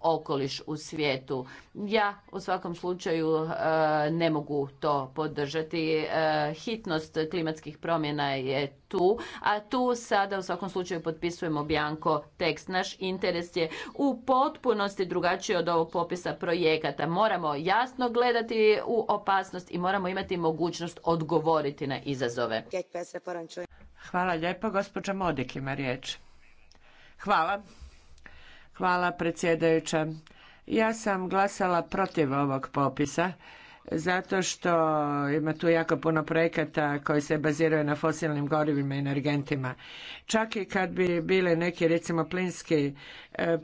okoliš u svijetu. Ja u svakom slučaju e, ne mogu to podržati. E, hitnost klimatskih promjena je tu, a tu sada u svakom slučaju potpisujemo Bjanko tekst. Naš interes je u potpunosti drugačiji od ovog popisa projekata. Moramo jasno gledati u opasnost i moramo imati mogućnost odgovoriti na izazove. Hvala lijepo, gospođa Modik ima riječ. Hvala. Hvala predsjedajuća. Ja sam glasala protiv ovog popisa zato što ima tu jako puno projekata koji se baziraju na fosilnim gorivima i energentima. Čak i kad bi bili neki recimo plinski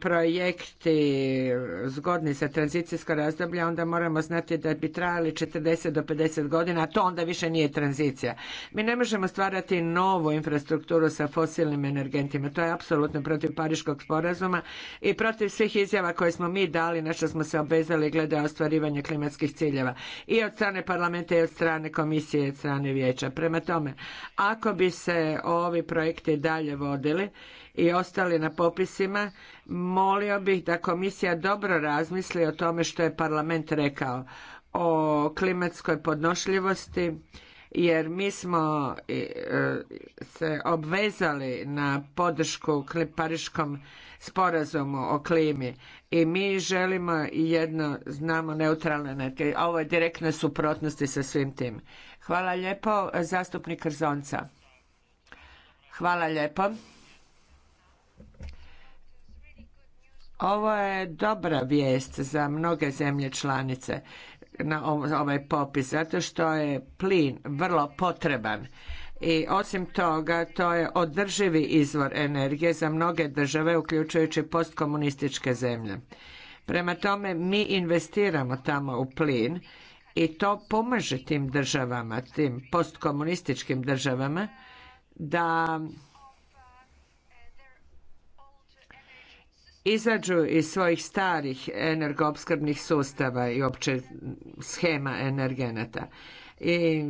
projekti zgodni za tranzicijsko razdoblje, onda moramo znati da bi trajali 40 do 50 godina, a to onda više nije tranzicija. Mi ne možemo stvarati novu infrastrukturu sa fosilnim energentima. To je apsolutno protiv Pariškog sporazuma i protiv svih izjava koje smo mi dali, na što smo se obvezali glede ostvarivanja klimatskih ciljeva. I od strane parlamenta i od strane komisije i od strane vijeća. Prema tome, ako bi se ovi projekti dalje vodili, i ostali na popisima, molio bih da komisija dobro razmisli o tome što je parlament rekao o klimatskoj podnošljivosti, jer mi smo e, se obvezali na podršku Pariškom sporazumu o klimi i mi želimo jedno, znamo, neutralne energije. Ovo je direktne suprotnosti sa svim tim. Hvala lijepo, zastupnik Rzonca. Hvala lijepo. Ovo je dobra vijest za mnoge zemlje članice na ovaj popis, zato što je plin vrlo potreban. I osim toga, to je održivi izvor energije za mnoge države, uključujući postkomunističke zemlje. Prema tome, mi investiramo tamo u plin i to pomaže tim državama, tim postkomunističkim državama, da izađu iz svojih starih energoopskrbnih sustava i opće schema energenata. I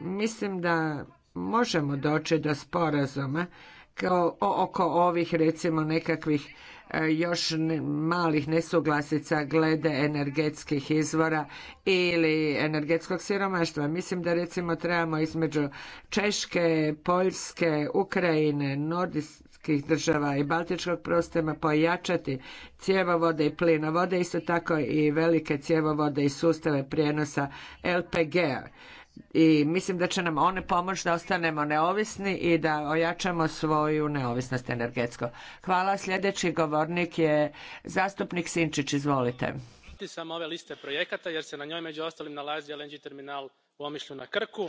mislim da možemo doći do sporazuma kao oko ovih recimo nekakvih e, još malih nesuglasica glede energetskih izvora ili energetskog siromaštva. Mislim da recimo trebamo između Češke, Poljske, Ukrajine, Nordis, baltičkih država i baltičkog prostora pojačati cjevovode i plinovode, isto tako i velike cjevovode i sustave prijenosa LPG-a i mislim da će nam one pomoći da ostanemo neovisni i da ojačamo svoju neovisnost energetsko. Hvala. Sljedeći govornik je zastupnik Sinčić. Izvolite. Sam ove liste projekata jer se na njoj među ostalim nalazi LNG terminal u Omišlju na Krku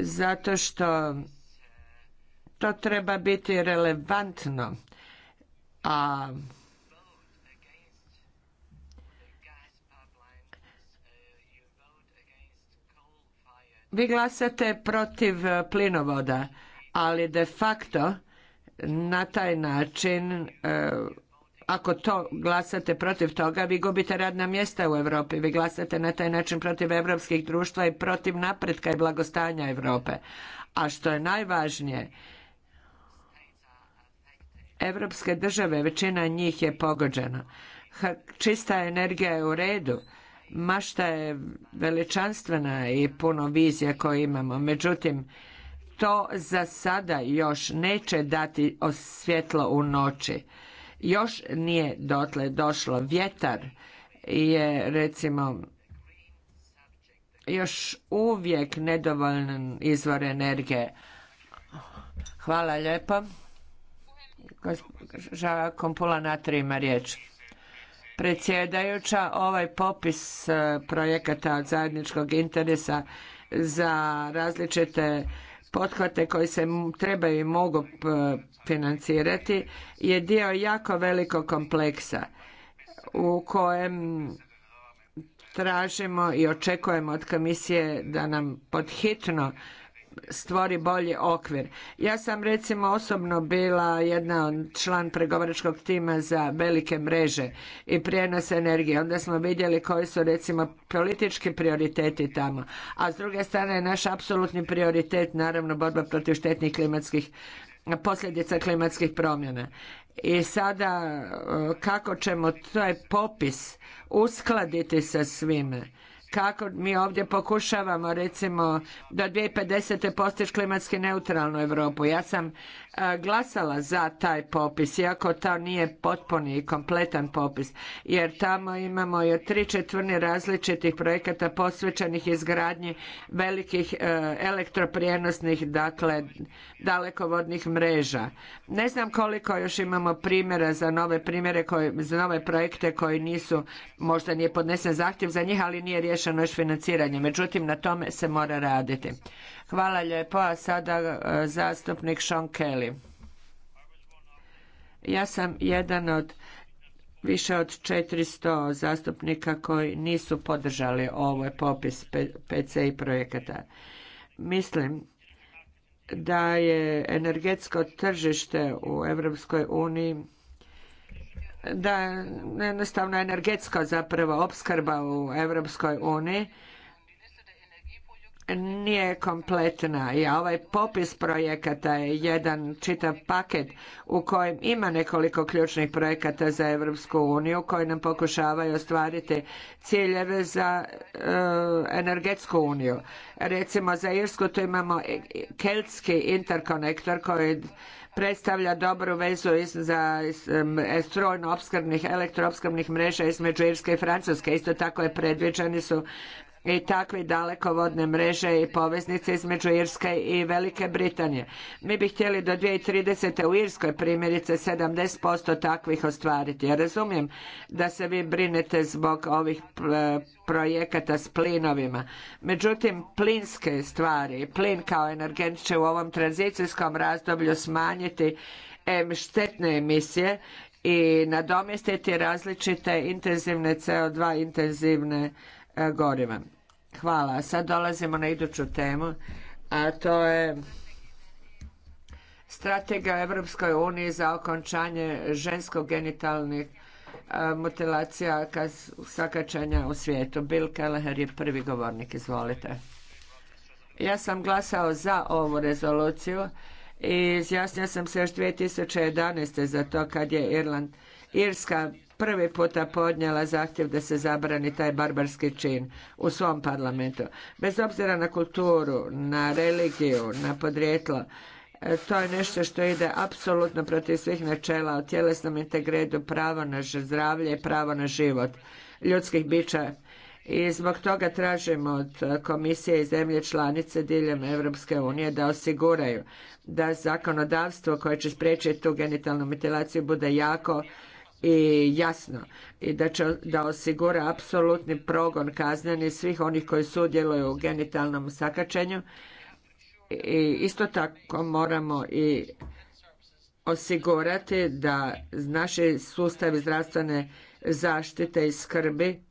zato što to treba biti relevantno, a vi glasate protiv plinovoda, ali de facto na taj način e, ako to glasate protiv toga, vi gubite radna mjesta u Europi, vi glasate na taj način protiv europskih društva i protiv napretka i blagostanja Europe. A što je najvažnije, europske države, većina njih je pogođena. Čista energija je u redu, mašta je veličanstvena i puno vizija koje imamo. Međutim, to za sada još neće dati svjetlo u noći još nije dotle došlo. Vjetar je recimo još uvijek nedovoljan izvor energije. Hvala lijepo. Žava Kompula Natri ima riječ. Predsjedajuća, ovaj popis eh, projekata od zajedničkog interesa za različite pothvate koji se trebaju i mogu e, financirati je dio jako velikog kompleksa u kojem tražimo i očekujemo od komisije da nam pod hitno stvori bolji okvir. Ja sam recimo osobno bila jedna član pregovaračkog tima za velike mreže i prijenos energije. Onda smo vidjeli koji su recimo politički prioriteti tamo. A s druge strane je naš apsolutni prioritet naravno borba protiv štetnih klimatskih posljedica klimatskih promjena. I sada e, kako ćemo taj popis uskladiti sa svime? kako mi ovdje pokušavamo recimo do 2050. postići klimatski neutralnu Europu. Ja sam glasala za taj popis, iako to nije potpuni i kompletan popis, jer tamo imamo i tri četvrne različitih projekata posvećenih izgradnji velikih e, elektroprijenosnih, dakle, dalekovodnih mreža. Ne znam koliko još imamo primjera za nove primjere, za nove projekte koji nisu, možda nije podnesen zahtjev za njih, ali nije riješeno još financiranje. Međutim, na tome se mora raditi. Hvala lijepo, a sada e, zastupnik Sean Kelly. Ja sam jedan od više od 400 zastupnika koji nisu podržali ovaj popis PCI projekata. Mislim da je energetsko tržište u Europskoj uniji da jednostavno energetska zapravo opskrba u Europskoj uniji nije kompletna i ovaj popis projekata je jedan čitav paket u kojem ima nekoliko ključnih projekata za Europsku uniju koji nam pokušavaju ostvariti ciljeve za e, energetsku uniju. Recimo za Irsku tu imamo e, keltski interkonektor koji predstavlja dobru vezu za strojno opskrbnih elektroopskrbnih mreža između Irske i Francuske. Isto tako je predviđeni su i takve dalekovodne mreže i poveznice između Irske i Velike Britanije. Mi bi htjeli do 2030. u Irskoj primjerice 70% takvih ostvariti. Ja razumijem da se vi brinete zbog ovih e, projekata s plinovima. Međutim, plinske stvari, plin kao energent će u ovom tranzicijskom razdoblju smanjiti štetne emisije i nadomjestiti različite intenzivne CO2 intenzivne e, goriva. Hvala. Sad dolazimo na iduću temu, a to je strategija Evropskoj uniji za okončanje žensko-genitalnih mutilacija sakačenja u svijetu. Bill Kelleher je prvi govornik, izvolite. Ja sam glasao za ovu rezoluciju i izjasnio sam se još 2011. za to kad je Irland, Irska prvi puta podnijela zahtjev da se zabrani taj barbarski čin u svom parlamentu. Bez obzira na kulturu, na religiju, na podrijetlo, e, to je nešto što ide apsolutno protiv svih načela o tjelesnom integredu, pravo na zdravlje i pravo na život ljudskih bića. I zbog toga tražimo od komisije i zemlje članice diljem Europske unije da osiguraju da zakonodavstvo koje će spriječiti tu genitalnu mutilaciju bude jako i jasno i da, da osigura apsolutni progon kazneni svih onih koji sudjeluju u genitalnom sakačenju. I isto tako moramo i osigurati da naši sustavi zdravstvene zaštite i skrbi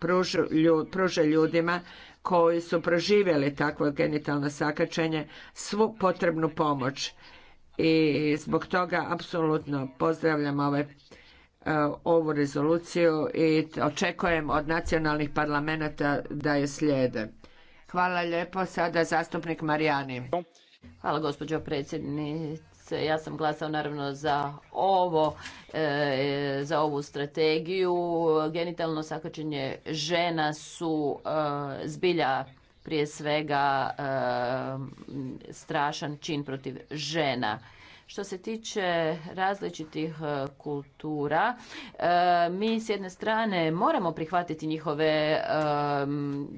pruže ljudima koji su proživjeli takvo genitalno sakačenje svu potrebnu pomoć. I zbog toga apsolutno pozdravljam ovaj ovu rezoluciju i očekujem od nacionalnih parlamenta da je slijede. Hvala lijepo. Sada zastupnik Marijani. Hvala gospođo predsjednice. Ja sam glasao naravno za ovo, e, za ovu strategiju. Genitalno sakačenje žena su e, zbilja prije svega e, strašan čin protiv žena. Što se tiče različitih e, kultura, e, mi s jedne strane moramo prihvatiti njihove e,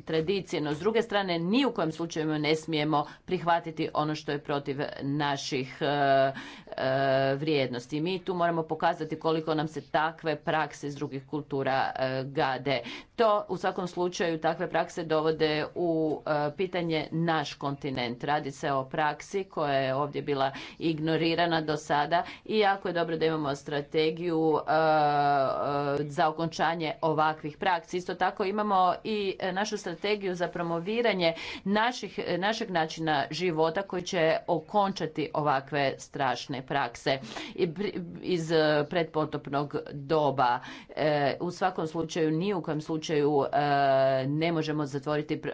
tradicije, no s druge strane ni u kojem slučaju ne smijemo prihvatiti ono što je protiv naših vrijednosti. Mi tu moramo pokazati koliko nam se takve prakse iz drugih kultura gade. To u svakom slučaju takve prakse dovode u e, pitanje naš kontinent. Radi se o praksi koja je ovdje bila ignorirana do sada i jako je dobro da imamo strategiju e, e, za okončanje ovakvih praksi. Isto tako imamo i našu strategiju za promoviranje našeg načina života koji će okončati ovakve strašne prakse iz pretpotopnog doba. U svakom slučaju, ni u kojem slučaju slučaju e, ne možemo zatvoriti e,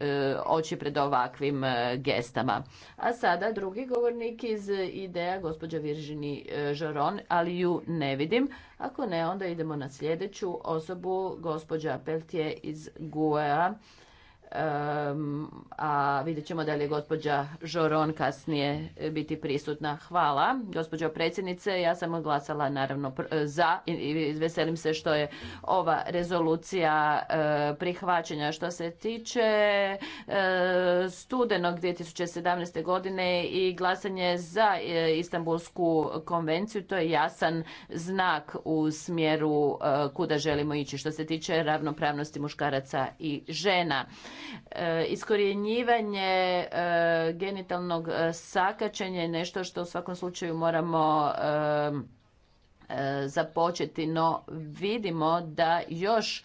e, oči pred ovakvim gestama. A sada drugi govornik iz ideja, gospođa Viržini Žaron, ali ju ne vidim. Ako ne, onda idemo na sljedeću osobu, gospođa Peltje iz GUEA a vidjet ćemo da li je gospođa Žoron kasnije e, biti prisutna. Hvala, gospođo predsjednice. Ja sam glasala naravno e, za i veselim se što je ova rezolucija e, prihvaćena. Što se tiče studenog 2017. godine i glasanje za Istanbulsku konvenciju, to je jasan znak u smjeru kuda želimo ići. Što se tiče ravnopravnosti muškaraca i žena. E, iskorjenjivanje e, genitalnog e, sakačenja je nešto što u svakom slučaju moramo započeti, no vidimo da još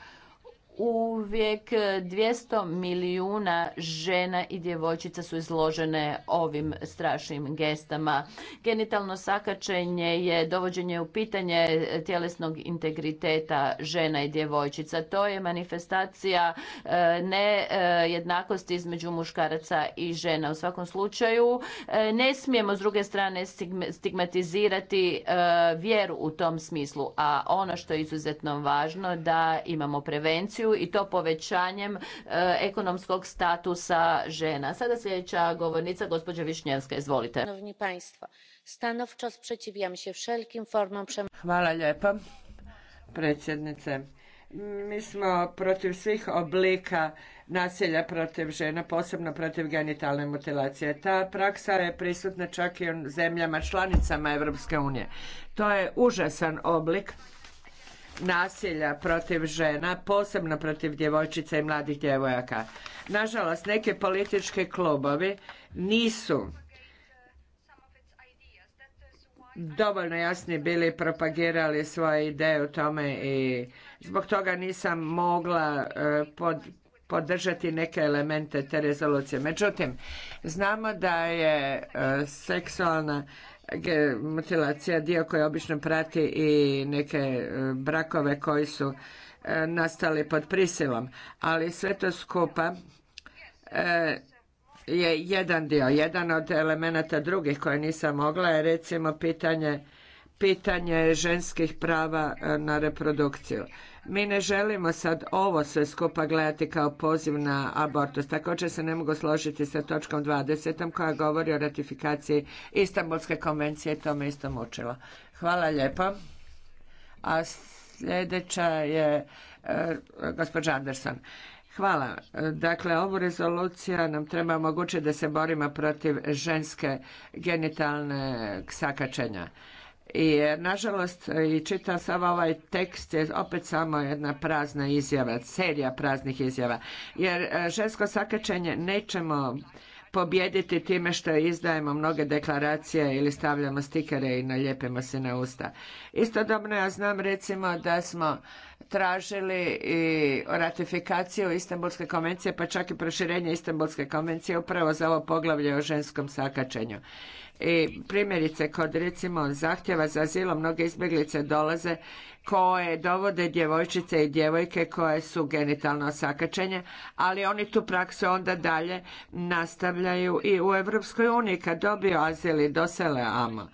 uvijek 200 e, milijuna žena i djevojčica su izložene ovim strašnim gestama. Genitalno sakačenje je dovođenje u pitanje tjelesnog integriteta žena i djevojčica. To je manifestacija e, nejednakosti e, između muškaraca i žena. U svakom slučaju ne smijemo s druge strane stigmatizirati vjeru u tom smislu, a ono što je izuzetno važno da imamo prevenciju i to povećanjem e, ekonomskog statusa žena. Sada sljedeća govornica, gospođa Višnjevska, izvolite. Stanowczo sprzeciwiam się wszelkim formom Hvala lijepa, predsjednice. Mi smo protiv svih oblika nasilja protiv žena, posebno protiv genitalne mutilacije. Ta praksa je prisutna čak i u zemljama članicama EU. unije. To je užasan oblik nasilja protiv žena, posebno protiv djevojčica i mladih djevojaka. Nažalost, neke političke klubovi nisu dovoljno jasni bili propagirali svoje ideje u tome i zbog toga nisam mogla e, podržati neke elemente te rezolucije. Međutim, znamo da je e, seksualna mutilacija dio koji obično prati i neke e, brakove koji su e, nastali pod prisilom. Ali sve to skupa e, je jedan dio. Jedan od elemenata drugih koje nisam mogla je recimo pitanje, pitanje ženskih prava na reprodukciju. Mi ne želimo sad ovo sve skupa gledati kao poziv na abortus. Također se ne mogu složiti sa točkom 20. koja govori o ratifikaciji Istanbulske konvencije to me isto mučilo. Hvala lijepo. A sljedeća je e, gospođa Anderson. Hvala. Dakle, ovu rezolucija nam treba omogućiti da se borimo protiv ženske genitalne sakačenja. I e, nažalost e, i čita sam ovaj tekst je opet samo jedna prazna izjava, serija praznih izjava. Jer e, žensko sakačenje nećemo pobijediti time što izdajemo mnoge deklaracije ili stavljamo stikere i naljepimo se na usta. Istodobno ja znam recimo da smo tražili i ratifikaciju Istanbulske konvencije, pa čak i proširenje Istanbulske konvencije upravo za ovo poglavlje o ženskom sakačenju. I primjerice kod recimo zahtjeva za azilom mnoge izbjeglice dolaze koje dovode djevojčice i djevojke koje su genitalno sakačenje, ali oni tu praksu onda dalje nastavljaju i u Europskoj uniji kad dobiju azil i dosele amo.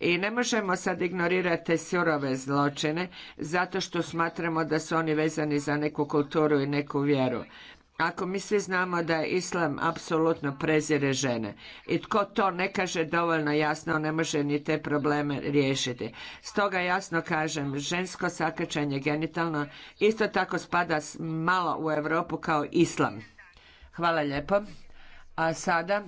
I ne možemo sad ignorirati surove zločine zato što smatramo da su oni vezani za neku kulturu i neku vjeru ako mi svi znamo da je islam apsolutno prezire žene i tko to ne kaže dovoljno jasno ne može ni te probleme riješiti. Stoga jasno kažem, žensko sakačenje genitalno isto tako spada malo u Europu kao islam. Hvala lijepo. A sada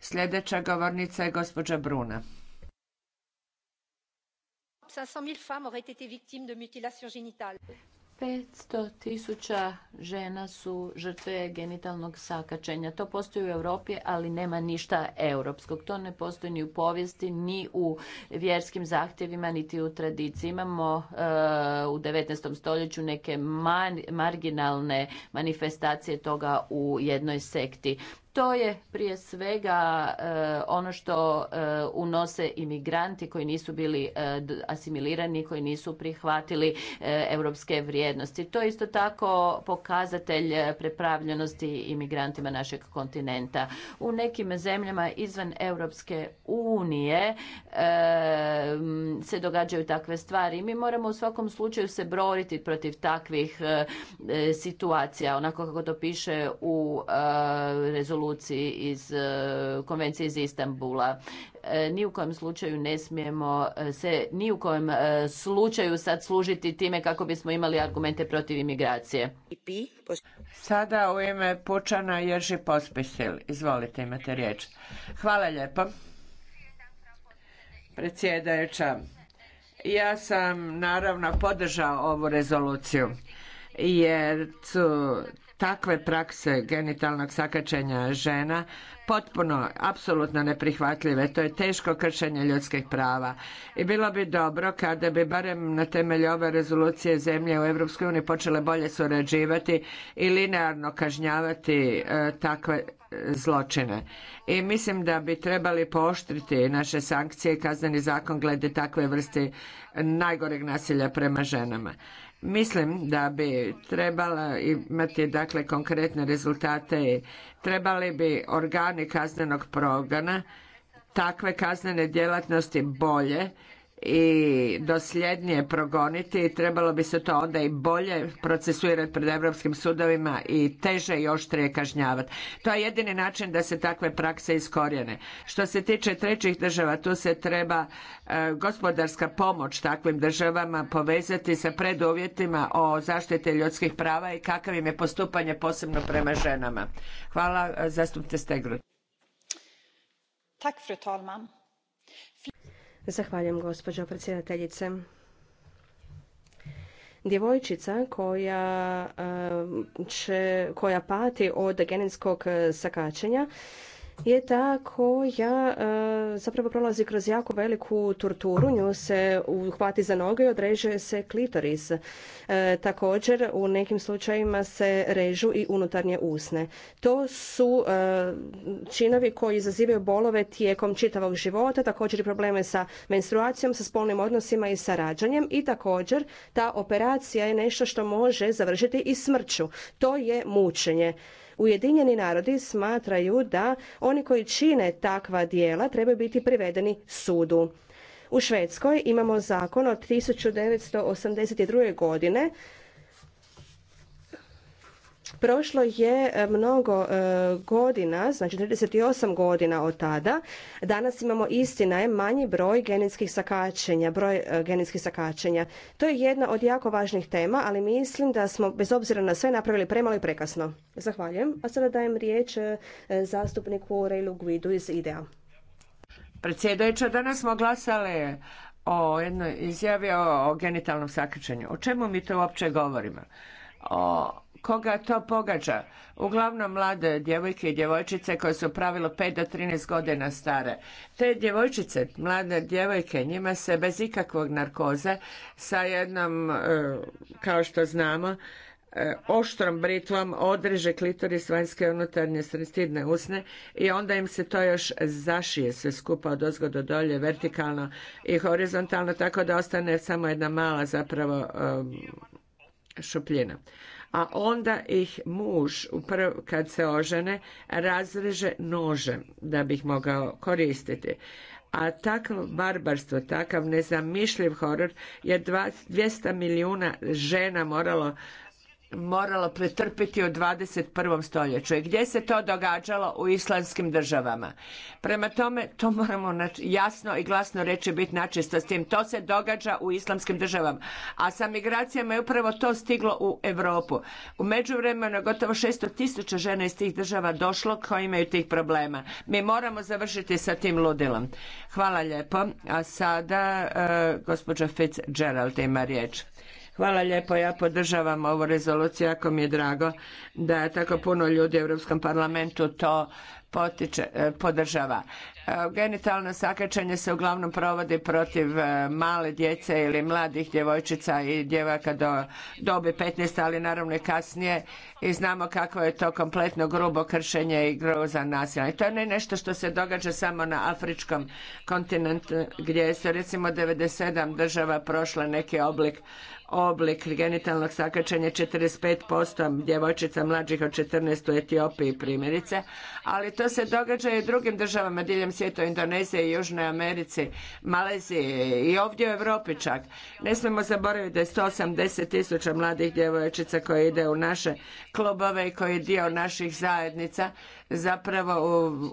sljedeća govornica je gospođa Bruna. 500 tisuća žena su žrtve genitalnog sakačenja. To postoji u Europi, ali nema ništa europskog. To ne postoji ni u povijesti, ni u vjerskim zahtjevima, niti u tradiciji. Imamo eh, u 19. stoljeću neke marginalne manifestacije toga u jednoj sekti to je prije svega e, ono što e, unose imigranti koji nisu bili e, asimilirani, koji nisu prihvatili europske vrijednosti. To je isto tako pokazatelj prepravljenosti imigrantima našeg kontinenta. U nekim zemljama izvan Europske unije se događaju takve stvari. Mi moramo u svakom slučaju se boriti protiv takvih situacija, onako kako to piše u rezoluciji rezoluciji iz e, konvencije iz Istambula. E, ni u kojem slučaju ne smijemo e, se ni u kojem slučaju sad služiti time kako bismo imali argumente protiv imigracije. Sada u ime Pučana Jerži Pospisil. Izvolite, imate riječ. Hvala lijepo. Predsjedajuća, ja sam naravno podržao ovu rezoluciju jer su takve prakse genitalnog sakačenja žena potpuno, apsolutno neprihvatljive. To je teško kršenje ljudskih prava. I bilo bi dobro kada bi barem na temelju ove rezolucije zemlje u EU počele bolje surađivati i linearno kažnjavati e, takve e, zločine. I mislim da bi trebali pooštriti naše sankcije i kazneni zakon glede takve vrste najgoreg nasilja prema ženama. Mislim da bi trebala imati dakle konkretne rezultate i trebali bi organi kaznenog progona takve kaznene djelatnosti bolje i dosljednije progoniti trebalo bi se to onda i bolje procesuirati pred europskim sudovima i teže i oštrije kažnjavati. To je jedini način da se takve prakse iskorijene. Što se tiče trećih država, tu se treba e, gospodarska pomoć takvim državama povezati sa preduvjetima o zaštiti ljudskih prava i kakav im je postupanje posebno prema ženama. Hvala, e, zastupnice Stegrud. fru talman. Zahvaljujem gospođo predsjedateljice. Djevojčica koja, e, će, koja pati od genetskog sakačenja je ta koja e, zapravo prolazi kroz jako veliku torturu, nju se uhvati za noge i odrežuje se klitoris. E, također u nekim slučajevima se režu i unutarnje usne. To su e, činovi koji izazivaju bolove tijekom čitavog života, također i probleme sa menstruacijom, sa spolnim odnosima i sa rađanjem i također ta operacija je nešto što može završiti i smrću. To je mučenje. Ujedinjeni narodi smatraju da oni koji čine takva dijela trebaju biti privedeni sudu. U Švedskoj imamo zakon od 1982. godine Prošlo je e, mnogo e, godina, znači 38 godina od tada. Danas imamo istina je manji broj genetskih sakačenja, broj e, genetskih sakačenja. To je jedna od jako važnih tema, ali mislim da smo bez obzira na sve napravili premalo i prekasno. Zahvaljujem. A sada dajem riječ zastupniku Railu Guidu iz IDEA. Predsjedajuća, danas smo glasali o jednoj izjavi o genitalnom sakačenju. O čemu mi to uopće govorimo? O koga to pogađa? Uglavnom mlade djevojke i djevojčice koje su pravilo 5 do 13 godina stare. Te djevojčice, mlade djevojke, njima se bez ikakvog narkoze sa jednom, e, kao što znamo, e, oštrom britvom odreže klitoris vanjske unutarnje stridne usne i onda im se to još zašije sve skupa od ozgo do dolje vertikalno i horizontalno tako da ostane samo jedna mala zapravo e, šupljina a onda ih muž kad se ožene razreže nožem da bi ih mogao koristiti. A takvo barbarstvo, takav nezamišljiv horor je 200 milijuna žena moralo moralo pretrpiti u 21. stoljeću. I gdje se to događalo? U islamskim državama. Prema tome, to moramo jasno i glasno reći biti načisto s tim. To se događa u islamskim državama. A sa migracijama je upravo to stiglo u Europu. U međuvremenu je gotovo 600 tisuća žena iz tih država došlo koji imaju tih problema. Mi moramo završiti sa tim ludilom. Hvala lijepo. A sada e, gospođa Fitzgerald ima riječ. Hvala lijepo, ja podržavam ovu rezoluciju, jako mi je drago da je tako puno ljudi u Europskom parlamentu to potiče, e, podržava. E, genitalno sakačenje se uglavnom provodi protiv e, male djece ili mladih djevojčica i djevaka do dobi 15, ali naravno i kasnije i znamo kako je to kompletno grubo kršenje i groza nasilja. I to je ne nešto što se događa samo na afričkom kontinentu gdje se recimo 97 država prošle neki oblik oblik genitalnog sakačenja 45% djevojčica mlađih od 14 u Etiopiji primjerice, ali to se događa i u drugim državama diljem svijeta, u Indoneziji, Južnoj Americi, Maleziji i ovdje u Europi čak. Ne smijemo zaboraviti da je 180 tisuća mladih djevojčica koje ide u naše klubove i koji je dio naših zajednica zapravo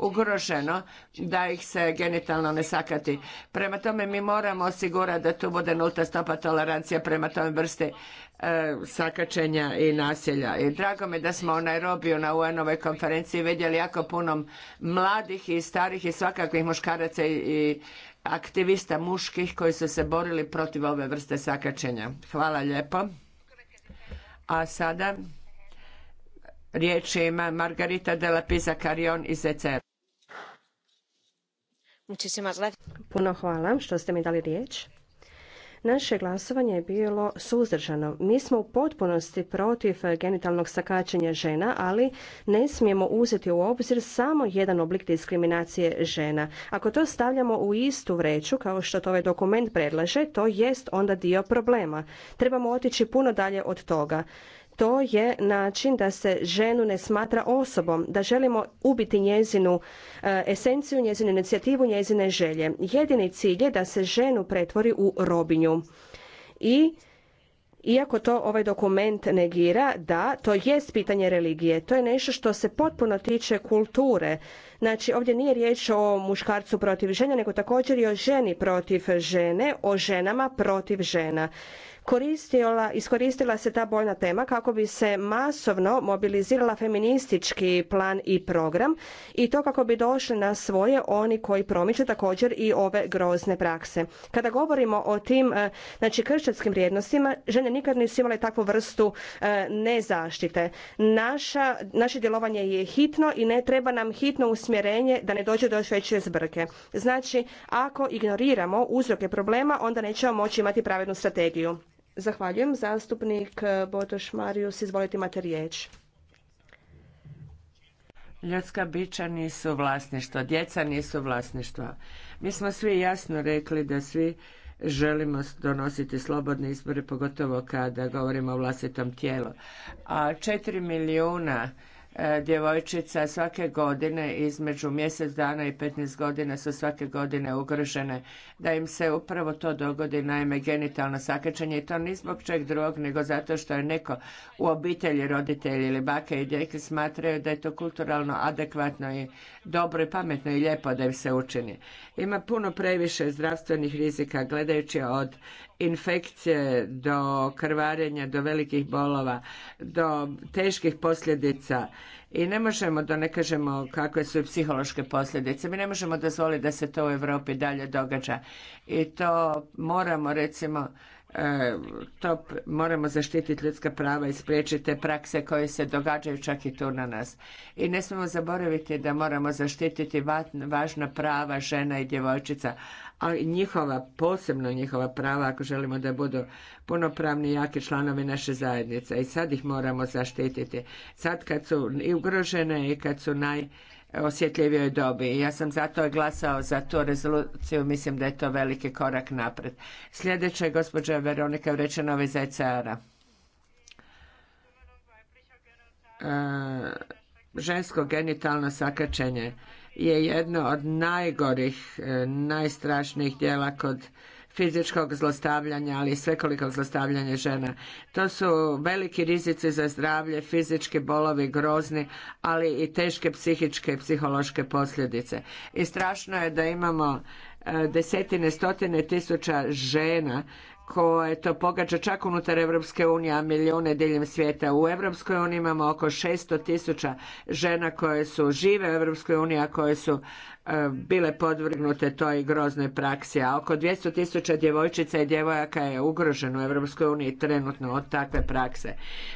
ugroženo da ih se genitalno ne sakati. Prema tome mi moramo osigurati da tu bude nulta stopa tolerancija prema tome vrste e, sakačenja i nasilja. I drago mi da smo u Nairobiju na UN-ovoj konferenciji vidjeli jako puno mladih i starih i svakakvih muškaraca i aktivista muških koji su se borili protiv ove vrste sakačenja. Hvala lijepo. A sada Riječ Margarita de Pisa Carion iz ECR. Puno hvala što ste mi dali riječ. Naše glasovanje je bilo suzdržano. Mi smo u potpunosti protiv genitalnog sakačenja žena, ali ne smijemo uzeti u obzir samo jedan oblik diskriminacije žena. Ako to stavljamo u istu vreću, kao što to ovaj dokument predlaže, to jest onda dio problema. Trebamo otići puno dalje od toga to je način da se ženu ne smatra osobom, da želimo ubiti njezinu e, esenciju, njezinu inicijativu, njezine želje. Jedini cilj je da se ženu pretvori u robinju. I iako to ovaj dokument negira, da, to jest pitanje religije. To je nešto što se potpuno tiče kulture. Znači, ovdje nije riječ o muškarcu protiv žene, nego također i o ženi protiv žene, o ženama protiv žena koristila, iskoristila se ta bojna tema kako bi se masovno mobilizirala feministički plan i program i to kako bi došli na svoje oni koji promiču također i ove grozne prakse. Kada govorimo o tim e, znači kršćanskim vrijednostima, žene nikad nisu imale takvu vrstu e, nezaštite. Naša, naše djelovanje je hitno i ne treba nam hitno usmjerenje da ne dođe do još veće zbrke. Znači, ako ignoriramo uzroke problema, onda nećemo moći imati pravednu strategiju. Zahvaljujem. Zastupnik eh, Botoš Marijus, izvolite imate riječ. Ljudska bića nisu vlasništvo, djeca nisu vlasništva. Mi smo svi jasno rekli da svi želimo donositi slobodne izbore, pogotovo kada govorimo o vlastitom tijelu. A četiri milijuna E, djevojčica svake godine između mjesec dana i 15 godina su svake godine ugrožene da im se upravo to dogodi naime genitalno sakačenje i to ni zbog čeg drugog nego zato što je neko u obitelji roditelji ili bake i djeke smatraju da je to kulturalno adekvatno i dobro i pametno i lijepo da im se učini. Ima puno previše zdravstvenih rizika gledajući od infekcije, do krvarenja, do velikih bolova, do teških posljedica i ne možemo da ne kažemo kakve su psihološke posljedice. Mi ne možemo dozvoliti da se to u Europi dalje događa i to moramo recimo to moramo zaštititi ljudska prava i spriječiti te prakse koje se događaju čak i tu na nas. I ne smemo zaboraviti da moramo zaštititi važna prava žena i djevojčica, a njihova, posebno njihova prava ako želimo da budu punopravni jaki članovi naše zajednice. I sad ih moramo zaštititi. Sad kad su i ugrožene i kad su naj osjetljivijoj dobi. Ja sam zato glasao za tu rezoluciju, mislim da je to veliki korak napred. Sljedeća je gospođa Veronika Vrečanova iz ECR-a. E, žensko genitalno sakačenje je jedno od najgorih, e, najstrašnijih djela kod fizičkog zlostavljanja, ali i svekolikog zlostavljanja žena. To su veliki rizici za zdravlje, fizički bolovi, grozni, ali i teške psihičke i psihološke posljedice. I strašno je da imamo e, desetine, stotine tisuća žena koje to pogađa čak unutar Europske unije, a milijune diljem svijeta. U Europskoj uniji imamo oko 600 tisuća žena koje su žive u Europskoj uniji, a koje su E, bile podvrgnute toj groznoj praksi, a oko 200 tisuća djevojčica i djevojaka je ugroženo u Europskoj uniji trenutno od takve prakse.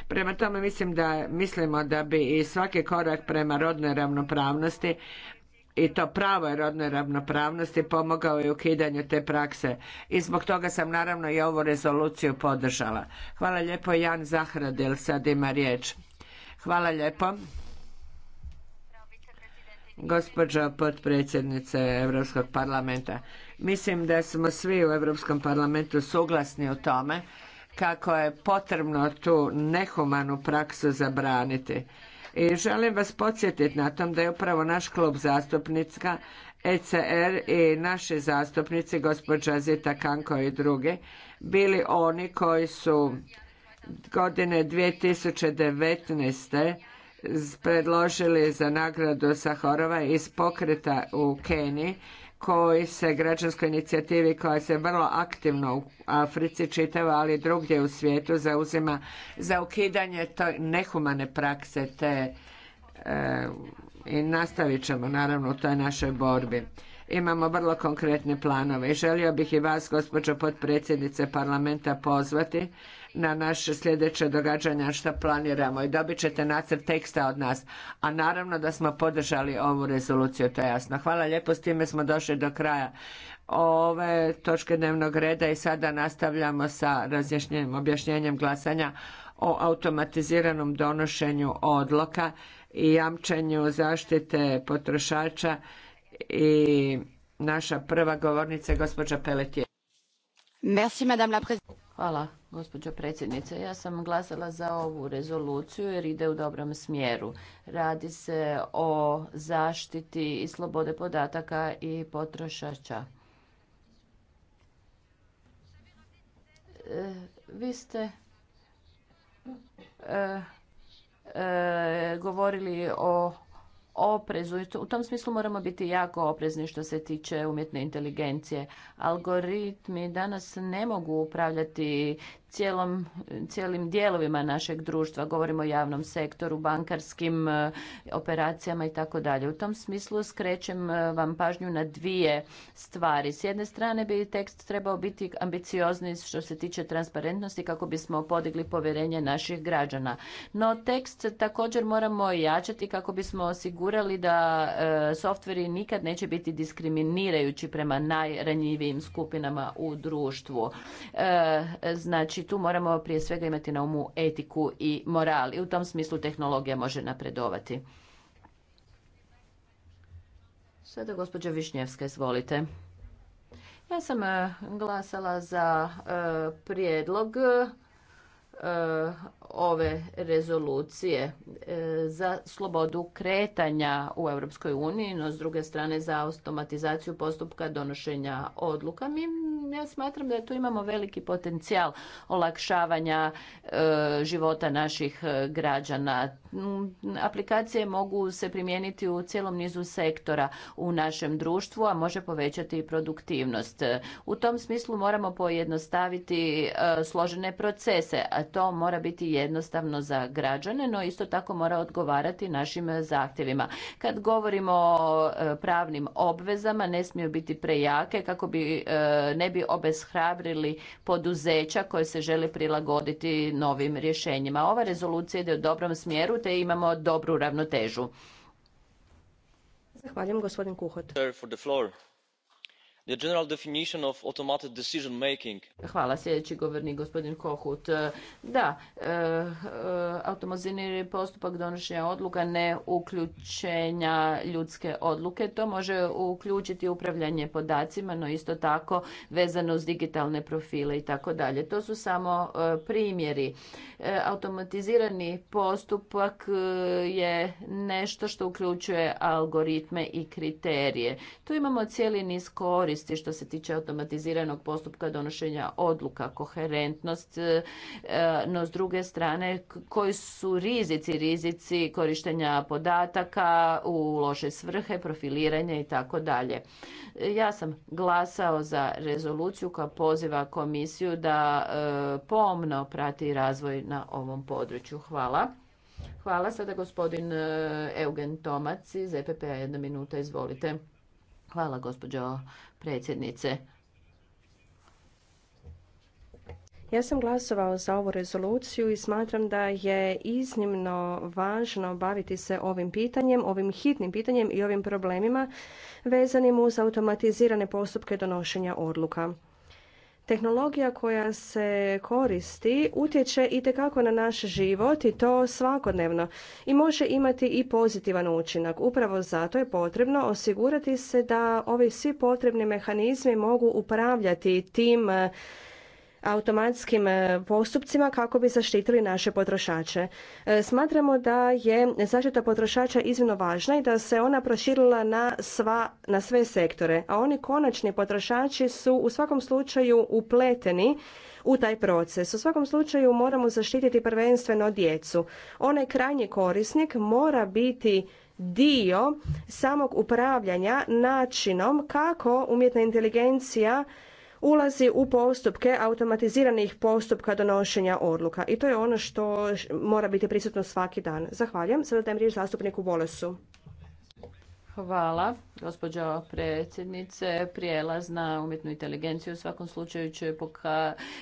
Prema tome mislim da mislimo da bi i svaki korak prema rodnoj ravnopravnosti i to pravoj rodnoj ravnopravnosti pomogao i ukidanju te prakse i zbog toga sam naravno i ovu rezoluciju podržala. Hvala lijepo Jan Zahradil, sad ima riječ. Hvala lijepo. Gospođo potpredsjednice Europskog parlamenta, mislim da smo svi u Europskom parlamentu suglasni o tome kako je potrebno tu nehumanu praksu zabraniti. I želim vas podsjetiti na tom da je upravo naš klub zastupnika ECR i naši zastupnici, gospođa Zita Kanko i drugi, bili oni koji su godine 2019 predložili za nagradu Sahorova iz pokreta u Keniji koji se građanskoj inicijativi koja se vrlo aktivno u Africi čitava, ali i drugdje u svijetu zauzima za ukidanje to nehumane prakse te e, i nastavit ćemo naravno u toj našoj borbi. Imamo vrlo konkretne planove i želio bih i vas, gospođo potpredsjednice parlamenta, pozvati na naše sljedeće događanja što planiramo i dobit ćete nacrt teksta od nas. A naravno da smo podržali ovu rezoluciju, to je jasno. Hvala lijepo, s time smo došli do kraja ove točke dnevnog reda i sada nastavljamo sa razjašnjenjem, objašnjenjem glasanja o automatiziranom donošenju odloka i jamčenju zaštite potrošača i naša prva govornica je gospođa Pelletier. Merci, madame la Hvala, gospođo predsjednice. Ja sam glasala za ovu rezoluciju jer ide u dobrom smjeru. Radi se o zaštiti i slobode podataka i potrošača. E, vi ste e, e, govorili o oprezu u tom smislu moramo biti jako oprezni što se tiče umjetne inteligencije. Algoritmi danas ne mogu upravljati cijelim dijelovima našeg društva, govorimo o javnom sektoru, bankarskim e, operacijama i tako dalje. U tom smislu skrećem e, vam pažnju na dvije stvari. S jedne strane bi tekst trebao biti ambiciozni što se tiče transparentnosti kako bismo podigli povjerenje naših građana. No tekst također moramo jačati kako bismo osigurali da e, softveri nikad neće biti diskriminirajući prema najranjivijim skupinama u društvu. Znači tu moramo prije svega imati na umu etiku i moral i u tom smislu tehnologija može napredovati. Sada gospođa Višnjevska, izvolite. Ja sam eh, glasala za eh, prijedlog Eh, ove rezolucije eh, za slobodu kretanja u Europskoj uniji, no s druge strane za automatizaciju postupka donošenja odluka. Mi, ja smatram da tu imamo veliki potencijal olakšavanja eh, života naših građana. Mm, aplikacije mogu se primijeniti u cijelom nizu sektora u našem društvu, a može povećati i produktivnost. U tom smislu moramo pojednostaviti e, složene procese, a to mora biti jednostavno za građane, no isto tako mora odgovarati našim zahtjevima. Kad govorimo o e, pravnim obvezama, ne smiju biti prejake kako bi e, ne bi obeshrabrili poduzeća koje se žele prilagoditi novim rješenjima. Ova rezolucija ide u dobrom smjeru, te imamo dobru ravnotežu. Zahvaljujem gospodin Kuhot. The general definition Hvala, sljedeći govornik, gospodin Kohut. E, da, e, e, automazinir postupak donošenja odluka, ne uključenja ljudske odluke. To može uključiti upravljanje podacima, no isto tako vezano uz digitalne profile i tako dalje. To su samo primjeri. Automatizirani postupak je nešto što uključuje algoritme i kriterije. Tu imamo cijeli niz koristi što se tiče automatiziranog postupka donošenja odluka, koherentnost, e, no s druge strane koji su rizici, rizici korištenja podataka u loše svrhe, profiliranje i tako dalje. Ja sam glasao za rezoluciju koja poziva komisiju da e, pomno prati razvoj na ovom području. Hvala. Hvala. Sada gospodin e, Eugen Tomac iz EPP-a. Jedna minuta, izvolite. Hvala gospođo predsjednice. Ja sam glasovao za ovu rezoluciju i smatram da je iznimno važno baviti se ovim pitanjem, ovim hitnim pitanjem i ovim problemima vezanim uz automatizirane postupke donošenja odluka tehnologija koja se koristi utječe i na naš život i to svakodnevno i može imati i pozitivan učinak. Upravo zato je potrebno osigurati se da ovi svi potrebni mehanizmi mogu upravljati tim eh, automatskim e, postupcima kako bi zaštitili naše potrošače. E, smatramo da je zaštita potrošača iznimno važna i da se ona proširila na, sva, na sve sektore, a oni konačni potrošači su u svakom slučaju upleteni u taj proces. U svakom slučaju moramo zaštititi prvenstveno djecu. Onaj krajnji korisnik mora biti dio samog upravljanja načinom kako umjetna inteligencija ulazi u postupke automatiziranih postupka donošenja odluka. I to je ono što mora biti prisutno svaki dan. Zahvaljujem. Sada dajem riječ zastupniku Bolesu. Hvala. Gospođo predsjednice, prijelaz na umjetnu inteligenciju u svakom slučaju će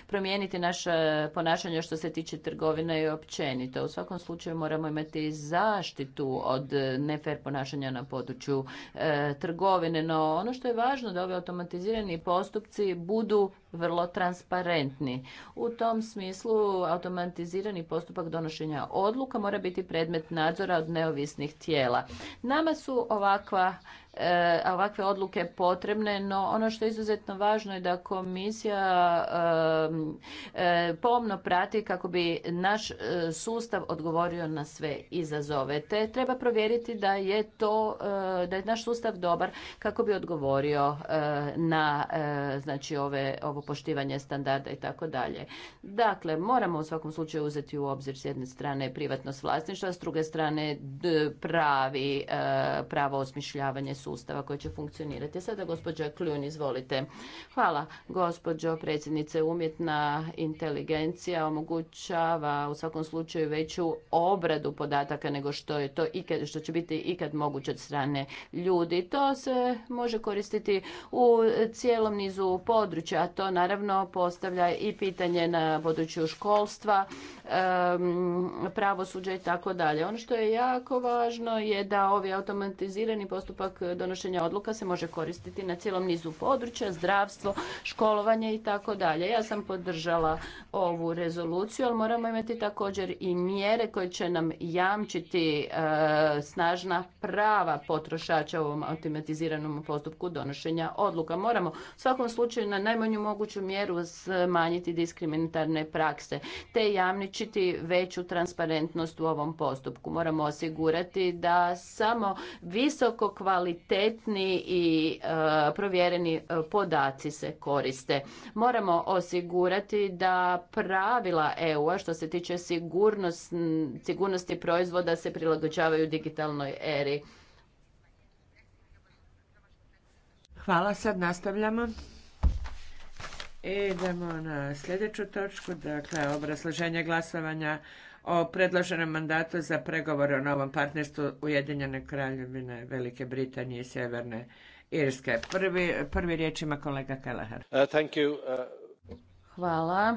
promijeniti naše ponašanje što se tiče trgovine i općenito. U svakom slučaju moramo imati zaštitu od nefer ponašanja na području e, trgovine, no ono što je važno da ovi automatizirani postupci budu vrlo transparentni. U tom smislu automatizirani postupak donošenja odluka mora biti predmet nadzora od neovisnih tijela. Nama su ovakva E, ovakve odluke potrebne, no ono što je izuzetno važno je da komisija e, e, pomno prati kako bi naš sustav odgovorio na sve izazove. Te treba provjeriti da je to, da je naš sustav dobar kako bi odgovorio na znači ove, ovo poštivanje standarda i tako dalje. Dakle, moramo u svakom slučaju uzeti u obzir s jedne strane privatnost vlasništva, s druge strane pravi pravo osmišljavanje su sustava koji će funkcionirati. Sada gospođa Kljun, izvolite. Hvala gospođo predsjednice. Umjetna inteligencija omogućava u svakom slučaju veću obradu podataka nego što je to ikad, što će biti ikad moguće od strane ljudi. To se može koristiti u cijelom nizu područja, a to naravno postavlja i pitanje na području školstva, pravosuđa i tako dalje. Ono što je jako važno je da ovi automatizirani postupak donošenja odluka se može koristiti na cijelom nizu područja, zdravstvo, školovanje i tako dalje. Ja sam podržala ovu rezoluciju, ali moramo imati također i mjere koje će nam jamčiti e, snažna prava potrošača u ovom automatiziranom postupku donošenja odluka. Moramo u svakom slučaju na najmanju moguću mjeru smanjiti diskriminatorne prakse te jamničiti veću transparentnost u ovom postupku. Moramo osigurati da samo visoko kvalitetno kvalitetni i e, provjereni e, podaci se koriste. Moramo osigurati da pravila EU-a što se tiče sigurnosti proizvoda se prilagođavaju digitalnoj eri. Hvala, sad nastavljamo. Idemo na sljedeću točku, dakle obrazloženje glasovanja o predloženom mandatu za pregovore o novom partnerstvu Ujedinjene kraljevine Velike Britanije i Sjeverne Irske. Prvi, prvi riječ ima kolega Kelleher. Uh, uh, Hvala.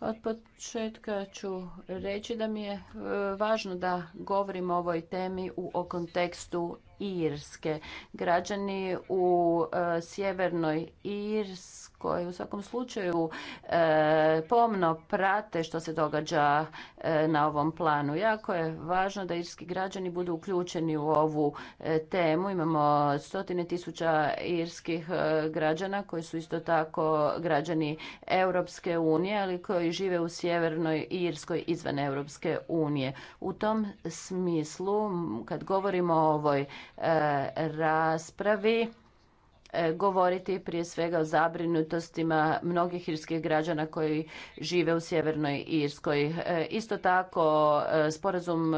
Od početka ću reći da mi je uh, važno da govorim o ovoj temi u, o kontekstu Irske. Građani u sjevernoj Irs koji u svakom slučaju e, pomno prate što se događa e, na ovom planu. Jako je važno da irski građani budu uključeni u ovu e, temu. Imamo stotine tisuća irskih e, građana koji su isto tako građani Europske unije, ali koji žive u sjevernoj Irskoj izvan Europske unije. U tom smislu, kad govorimo o ovoj raspravi, E, govoriti prije svega o zabrinutostima mnogih irskih građana koji žive u sjevernoj Irskoj. E, isto tako, e, sporazum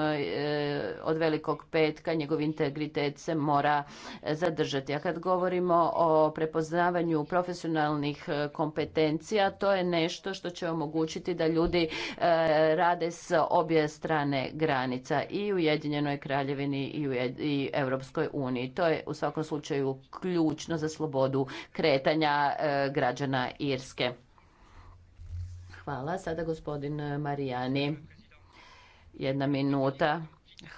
od velikog petka, njegov integritet se mora zadržati. A kad govorimo o prepoznavanju profesionalnih kompetencija, to je nešto što će omogućiti da ljudi rade s obje strane granica i u Jedinjenoj kraljevini i u Europskoj uniji. To je u svakom slučaju ključno za slobodu kretanja e, građana Irske. Hvala. Sada gospodin Marijani. Jedna minuta.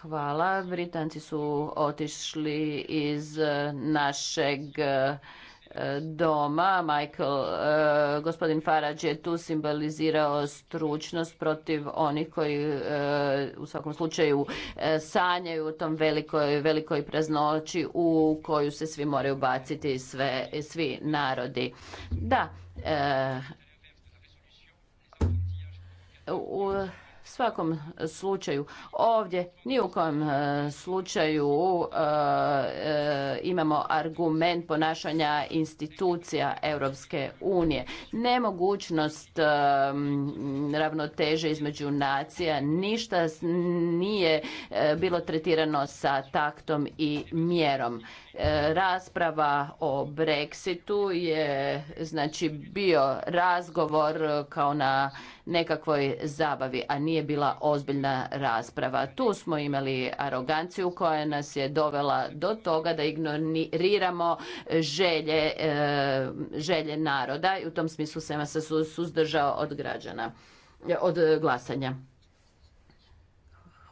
Hvala. Britanci su otišli iz našeg doma. Michael, eh, gospodin Farage je tu simbolizirao stručnost protiv onih koji eh, u svakom slučaju eh, sanjaju u tom velikoj, velikoj praznoći u koju se svi moraju baciti sve, svi narodi. Da, u, svakom slučaju ovdje ni u kojem e, slučaju e, e, imamo argument ponašanja institucija Europske unije. Nemogućnost ravnoteže između nacija ništa nije bilo tretirano sa taktom i mjerom. E, rasprava o Brexitu je znači bio razgovor kao na nekakvoj zabavi, a nije bila ozbiljna rasprava. Tu smo imali aroganciju koja nas je dovela do toga da ignoriramo želje, e, želje naroda i u tom smislu sam se suzdržao od građana, od glasanja.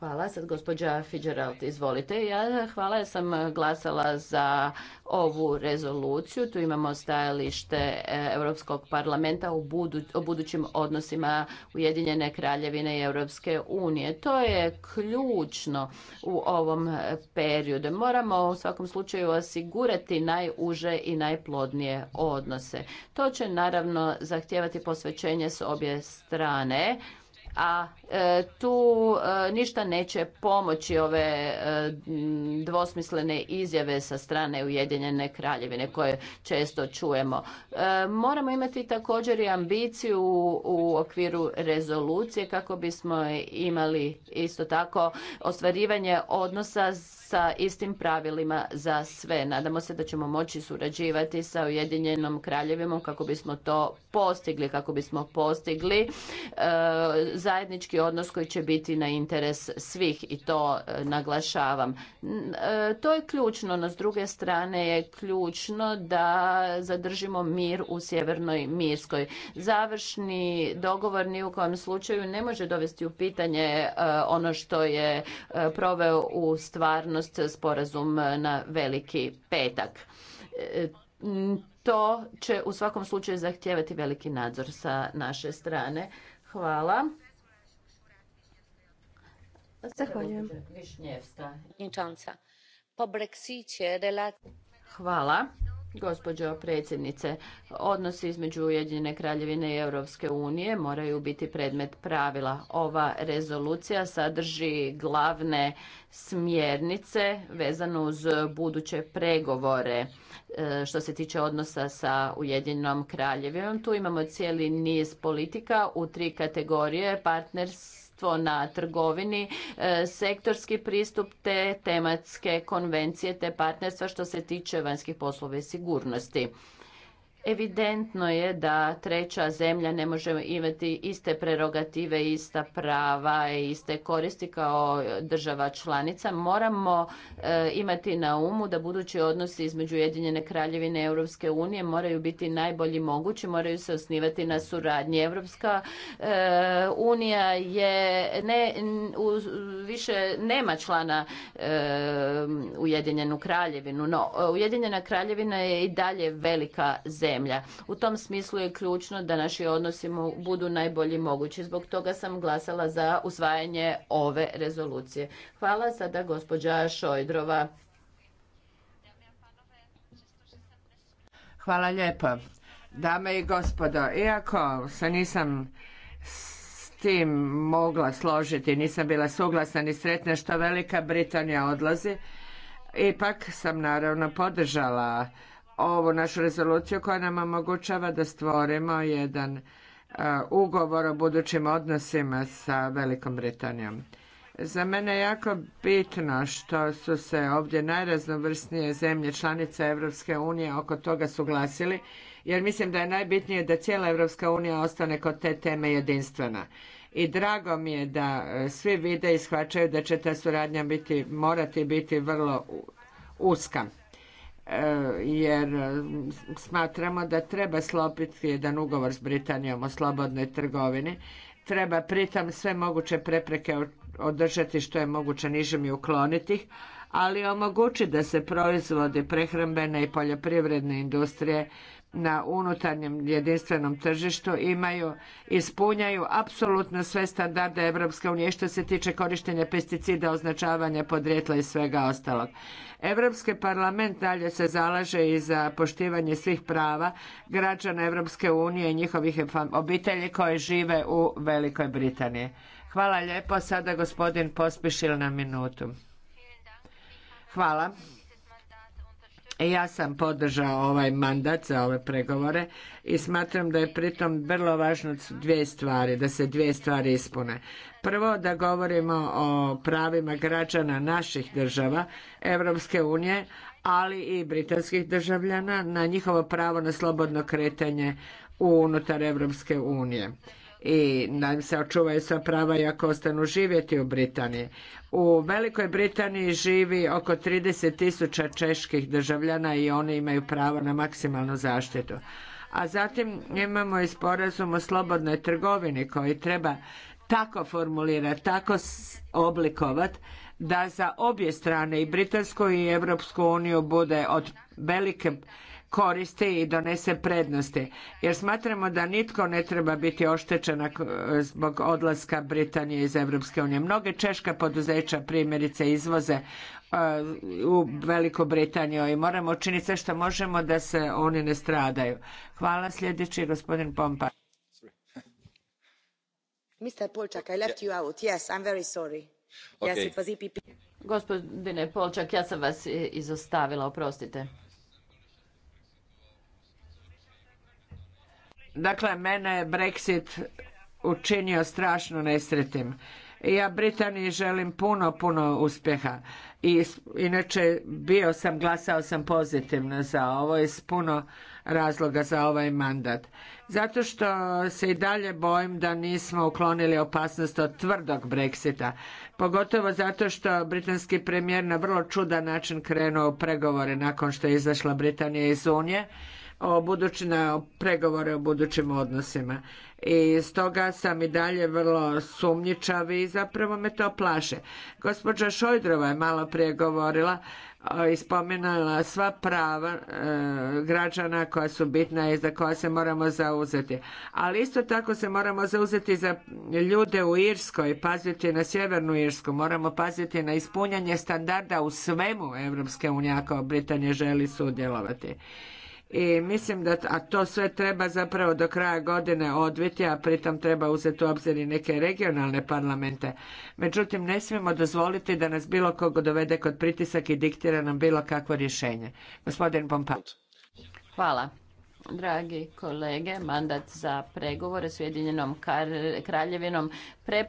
Hvala. Sad gospođa Fitzgerald, izvolite. Ja hvala, ja sam glasala za ovu rezoluciju. Tu imamo stajalište e, Europskog parlamenta u o budućim odnosima Ujedinjene kraljevine i Europske unije. To je ključno u ovom periodu. Moramo u svakom slučaju osigurati najuže i najplodnije odnose. To će naravno zahtijevati posvećenje s obje strane a e, tu e, ništa neće pomoći ove e, dvosmislene izjave sa strane Ujedinjene kraljevine koje često čujemo. Moramo imati također i ambiciju u okviru rezolucije kako bismo imali isto tako ostvarivanje odnosa sa istim pravilima za sve. Nadamo se da ćemo moći surađivati sa Ujedinjenom kraljevinom kako bismo to postigli, kako bismo postigli e, zajednički odnos koji će biti na interes svih i to e, naglašavam. E, to je ključno, no s druge strane je ključno da zadržimo mir u Sjevernoj Mirskoj. Završni dogovor ni u kojem slučaju ne može dovesti u pitanje ono što je proveo u stvarnost sporazum na veliki petak to će u svakom slučaju zahtijevati veliki nadzor sa naše strane. Hvala. Zahvaljujem. Hvala. Gospođo predsjednice, odnosi između Ujedinjene kraljevine i Europske unije moraju biti predmet pravila. Ova rezolucija sadrži glavne smjernice vezano uz buduće pregovore e, što se tiče odnosa sa Ujedinjenom kraljevinom. Tu imamo cijeli niz politika u tri kategorije, partners na trgovini, e, sektorski pristup te tematske konvencije te partnerstva što se tiče vanjskih poslova i sigurnosti. Evidentno je da treća zemlja ne može imati iste prerogative, ista prava i iste koristi kao država članica. Moramo e, imati na umu da budući odnosi između Ujedinjene kraljevine i Europske unije moraju biti najbolji mogući, moraju se osnivati na suradnji. Europska e, unija je ne, u, više nema člana e, Ujedinjenu kraljevinu, no Ujedinjena kraljevina je i dalje velika zemlja zemlja. U tom smislu je ključno da naši odnosi budu najbolji mogući. Zbog toga sam glasala za usvajanje ove rezolucije. Hvala sada gospođa Šojdrova. Hvala lijepo. Dame i gospodo, iako se nisam s tim mogla složiti, nisam bila suglasna ni sretna što Velika Britanija odlazi, ipak sam naravno podržala ovu našu rezoluciju koja nam omogućava da stvorimo jedan e, ugovor o budućim odnosima sa Velikom Britanijom. Za mene je jako bitno što su se ovdje najraznovrsnije zemlje članice Europske unije oko toga suglasili, jer mislim da je najbitnije da cijela Europska unija ostane kod te teme jedinstvena. I drago mi je da e, svi vide i shvaćaju da će ta suradnja biti, morati biti vrlo uska jer mm, smatramo da treba slopiti jedan ugovor s Britanijom o slobodnoj trgovini. Treba pritom sve moguće prepreke održati što je moguće nižim i ukloniti ih, ali omogući da se proizvodi prehrambene i poljoprivredne industrije na unutarnjem jedinstvenom tržištu imaju, ispunjaju apsolutno sve standarde Europske unije što se tiče korištenja pesticida, označavanja podrijetla i svega ostalog. Europski parlament dalje se zalaže i za poštivanje svih prava građana Europske unije i njihovih obitelji koje žive u Velikoj Britaniji. Hvala lijepo. Sada gospodin Pospišil na minutu. Hvala. E, ja sam podržao ovaj mandat za ove pregovore i smatram da je pritom vrlo važno dvije stvari, da se dvije stvari ispune. Prvo da govorimo o pravima građana naših država Evropske unije, ali i britanskih državljana na njihovo pravo na slobodno kretanje unutar Evropske unije i da im se očuvaju sva prava i ako ostanu živjeti u Britaniji. U Velikoj Britaniji živi oko 30 tisuća čeških državljana i oni imaju pravo na maksimalnu zaštitu. A zatim imamo i sporazum o slobodnoj trgovini koji treba tako formulirati, tako oblikovati da za obje strane i Britansku i Evropsku uniju bude od velike koristi i donese prednosti. Jer smatramo da nitko ne treba biti oštećen e, zbog odlaska Britanije iz Europske unije. Mnoge češka poduzeća primjerice izvoze e, u Veliku Britaniju i moramo učiniti sve što možemo da se oni ne stradaju. Hvala sljedeći gospodin Pompa. Gospodine Polčak, ja sam vas izostavila, oprostite. Dakle, mene je Brexit učinio strašno nesretnim. Ja Britaniji želim puno, puno uspjeha. I inače bio sam, glasao sam pozitivno za ovo i puno razloga za ovaj mandat. Zato što se i dalje bojim da nismo uklonili opasnost od tvrdog Brexita. Pogotovo zato što britanski premijer na vrlo čudan način krenuo u pregovore nakon što je izašla Britanija iz Unije o budući, na pregovore o budućim odnosima. I stoga sam i dalje vrlo sumnjičav i zapravo me to plaše. Gospođa Šojdrova je malo prije govorila i spominala sva prava e, građana koja su bitna i za koja se moramo zauzeti. Ali isto tako se moramo zauzeti za ljude u Irskoj, paziti na Sjevernu Irsku, moramo paziti na ispunjanje standarda u svemu Evropske unije ako Britanija želi sudjelovati i mislim da a to sve treba zapravo do kraja godine odviti, a pritom treba uzeti u obzir i neke regionalne parlamente. Međutim, ne smijemo dozvoliti da nas bilo koga dovede kod pritisak i diktira nam bilo kakvo rješenje. Gospodin Hvala. Dragi kolege, mandat za pregovore s Ujedinjenom kraljevinom e,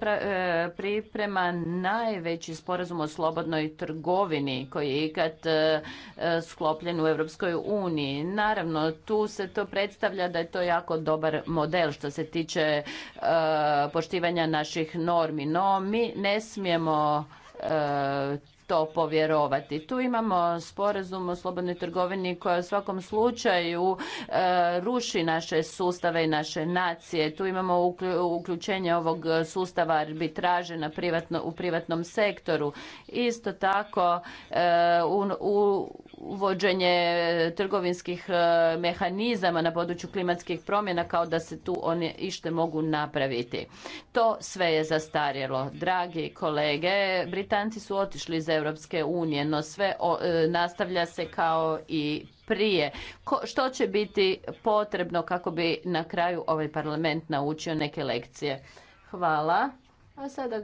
priprema najveći sporazum o slobodnoj trgovini koji je ikad e, e, sklopljen u Europskoj uniji. Naravno, tu se to predstavlja da je to jako dobar model što se tiče poštivanja naših normi, no mi ne smijemo to povjerovati. Tu imamo sporazum o slobodnoj trgovini koja u svakom slučaju e, ruši naše sustave i naše nacije. Tu imamo uključenje ovog sustava arbitraže na privatno, u privatnom sektoru. Isto tako e, u, u uvođenje e, trgovinskih e, mehanizama na području klimatskih promjena kao da se tu oni ište mogu napraviti. To sve je zastarjelo. Dragi kolege, Britanci su otišli iz Europske unije, no sve e, nastavlja se kao i prije. što će biti potrebno kako bi na kraju ovaj parlament naučio neke lekcije? Hvala. A sada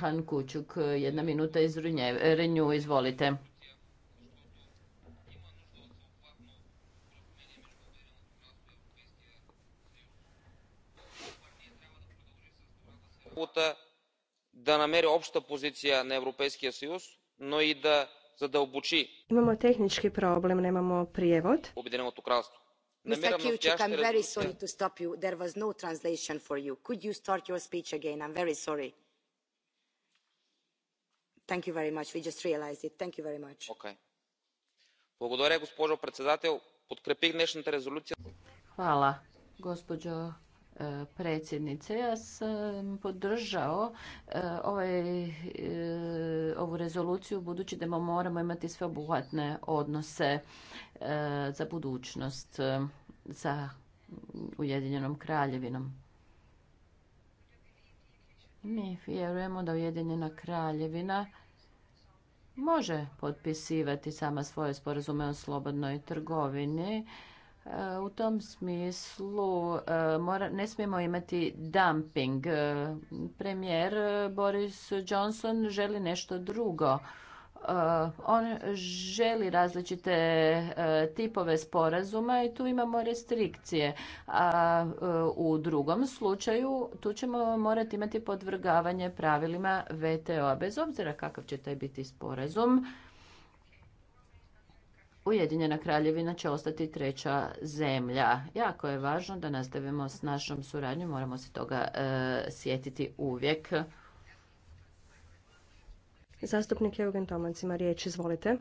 Han Kučuk, jedna minuta iz Renju, izvolite. работа да намери обща na на Европейския no но и да задълбочи. Имамо tehnički problem, nemamo prijevod. Обединеното кралство. Mr. I'm very sorry to stop you. There was no translation for you. Could you start your speech again? I'm very sorry. Thank you very much. We just realized it. Thank you very much. Okay. Благодаря, госпожо председател. Подкрепих днешната резолюция. Hvala, госпожо E, predsjednice. Ja sam podržao e, ovaj, e, ovu rezoluciju budući da moramo imati sveobuhvatne odnose za budućnost sa Ujedinjenom kraljevinom. Mi vjerujemo da Ujedinjena kraljevina može potpisivati sama svoje sporazume o slobodnoj trgovini u tom smislu e, ne smijemo imati dumping. E, premijer Boris Johnson želi nešto drugo. E, on želi različite tipove sporazuma i tu imamo restrikcije. A u drugom slučaju tu ćemo morati imati podvrgavanje pravilima vto Bez obzira kakav će taj biti sporazum, Ujedinjena kraljevina će ostati treća zemlja. Jako je važno da nastavimo s našom suradnjom, moramo se toga e, sjetiti uvijek. Zastupnik Eugen Tomac ima riječ, izvolite.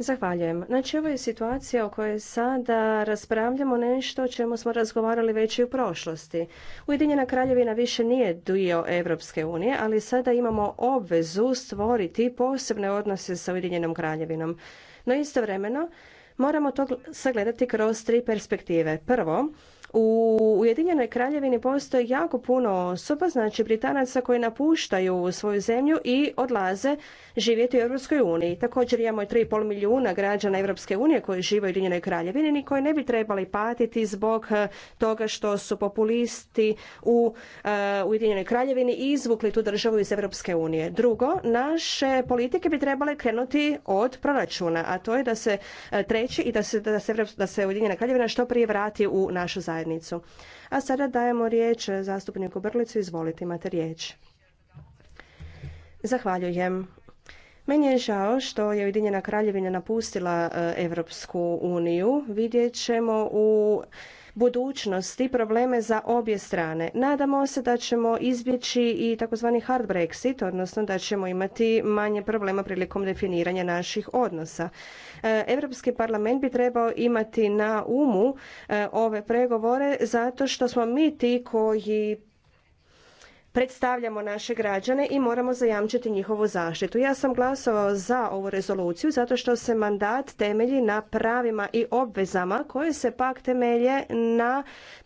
Zahvaljujem. Znači, ovo je situacija o kojoj sada raspravljamo nešto o čemu smo razgovarali već i u prošlosti. Ujedinjena kraljevina više nije dio Europske unije, ali sada imamo obvezu stvoriti posebne odnose sa Ujedinjenom kraljevinom. No istovremeno moramo to sagledati kroz tri perspektive. Prvo, u Ujedinjenoj kraljevini postoji jako puno osoba, znači Britanaca koji napuštaju svoju zemlju i odlaze živjeti u Europskoj uniji. Također imamo i 3,5 milijuna građana Europske unije koji žive u Ujedinjenoj kraljevini i koji ne bi trebali patiti zbog eh, toga što su populisti u eh, Ujedinjenoj kraljevini izvukli tu državu iz Europske unije. Drugo, naše politike bi trebale krenuti od proračuna, a to je da se eh, treći i da se, da se, da se Ujedinjena kraljevina što prije vrati u našu zajednicu zajednicu. A sada dajemo riječ zastupniku Brlicu. Izvolite, imate riječ. Zahvaljujem. Meni je žao što je Ujedinjena kraljevina napustila Europsku uniju. Vidjet ćemo u budućnosti, i probleme za obje strane. Nadamo se da ćemo izbjeći i takozvani hard Brexit, odnosno da ćemo imati manje problema prilikom definiranja naših odnosa. E, Europski parlament bi trebao imati na umu e, ove pregovore zato što smo mi ti koji predstavljamo naše građane i moramo zajamčiti njihovu zaštitu. Ja sam glasovao za ovu rezoluciju zato što se mandat temelji na pravima i obvezama koje se pak temelje na